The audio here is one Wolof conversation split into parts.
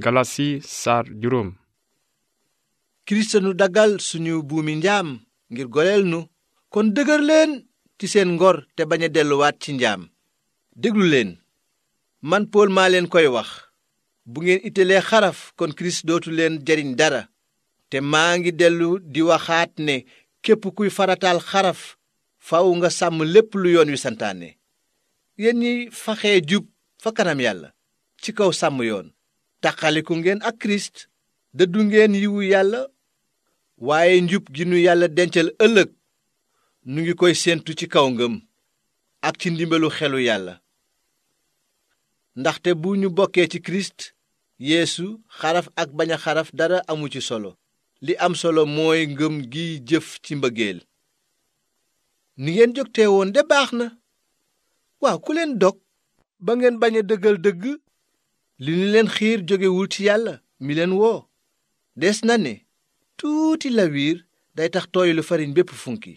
galasi saar juróom kirist nu daggal suñu buumi njaam ngir goleel nu kon dëgër ci seen ngor te bañ a delluwaat ci njaam déglu leen man pool maa leen koy wax bu ngeen italee xaraf kon kirist dootu leen jariñ dara te maa ngi dellu di waxaat ne képp kuy faratal xaraf faw nga sàmm lépp lu yoon wi santaane yéen ñi faxee jub fa kanam yàlla ci kaw sàmm yoon taqaliku ngeen ak kirist dëddu ngeen yiwu yàlla waaye njub gi nu yàlla dencal ëllëg nu ngi koy séentu ci kaw ngëm ak ci ndimbalu xelu yàlla ndaxte bu ñu bokkee ci kirist yéesu xaraf ak bañ xaraf dara amu ci solo li am solo mooy ngëm gi jëf ci mbëggeel ni ngeen jógtee woon de baax na waaw ku leen dog ba ngeen bañ dëggal dëgg li ñu leen xiir jógewul ci yàlla mi leen woo des na ne tuuti lawiir day tax tooy lu farin bépp funki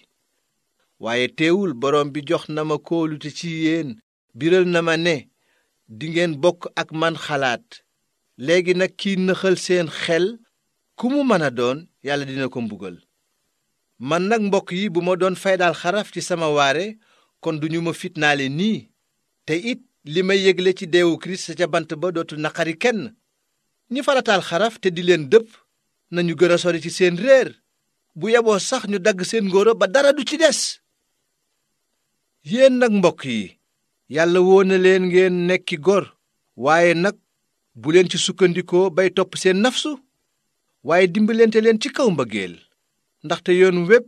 waaye teewul borom bi jox na ma kóolute ci yéen biral na ma ne dingeen bokk ak man xalaat léegi nag kii nëxal seen xel ku mu mën a doon yàlla dina ko mbugal man nag mbokk yi bu ma doon faydaal xaraf ci sama waare kon duñu ma fitnaale nii te it li may yégle ci deewu kirist ca bant ba dootul naqari kenn ñi farataal xaraf te di leen dëpp nañu gën a sori ci seen réer bu yeboo sax ñu dagg seen ngóoro ba dara du ci des yéen nag mbokk yi yàlla woo na leen ngeen nekki gor waaye nag bu leen ci sukkandikoo bay topp seen nafsu waaye dimbalante leen ci kaw mbëggeel ndaxte yoon wépp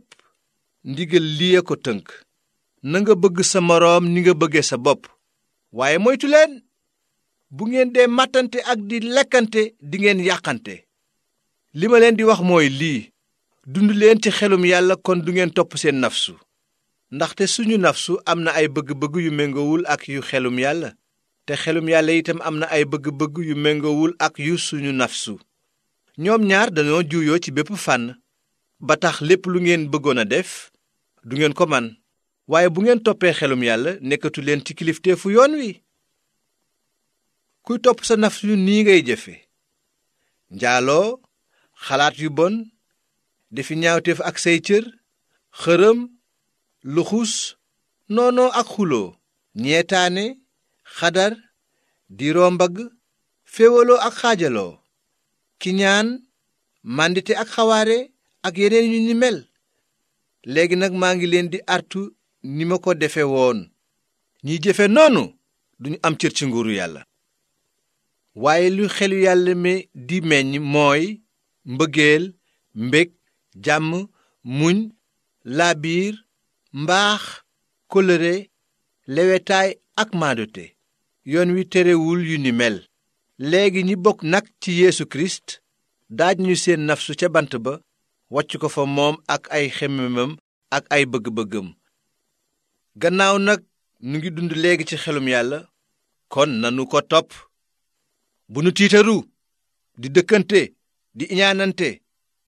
ndigal lii a ko tënk na nga bëgg sa moroom ni nga bëggee sa bopp waaye moytu bu ngeen dee màttante ak di lekkante dingeen yàqante li ma leen di wax mooy lii dund leen ci xelum yàlla kon du ngeen topp seen nafsu ndaxte suñu nafsu am na ay bëgg-bëgg yu méngowul ak yu xelum yàlla te xelum yàlla itam am na ay bëgg-bëgg yu méngowul ak yu suñu nafsu ñoom ñaar dañoo juuyoo ci bépp fànn ba tax lépp lu ngeen bëggoon a def du ngeen ko man waaye bu ngeen toppee xelum yàlla nekkatu leen ci kilifteefu yoon wi kuy topp sa nafs yu nii ngay jëfe njaaloo xalaat yu bon defi ñaawteef ak say cër xërëm luxus noonoo ak xuloo ñeetaane xadar diiroo mbagg féewaloo ak xaajaloo ki ñaan màndite ak xawaare ak yeneen yu ni mel léegi nag maa ngi leen di artu ni ma ko defe woon ñiy jëfe noonu duñu am cër ci yàlla waaye lu xelu yàlla mi di meññ mooy mbëggeel mbég jàmm muñ laabiir mbaax kóllëre lewetaay ak maadote yoon wi terewul yu ni mel léegi ñi bokk nag ci yéesu Kirist daaj ñu seen nafsu ca bant ba wàcc ko fa moom ak ay xemmemam ak ay bëgg-bëggam gannaaw nag nu ngi dund léegi ci xelum yàlla kon nanu ko topp bu nu tiitaru di dëkkante di iñaanante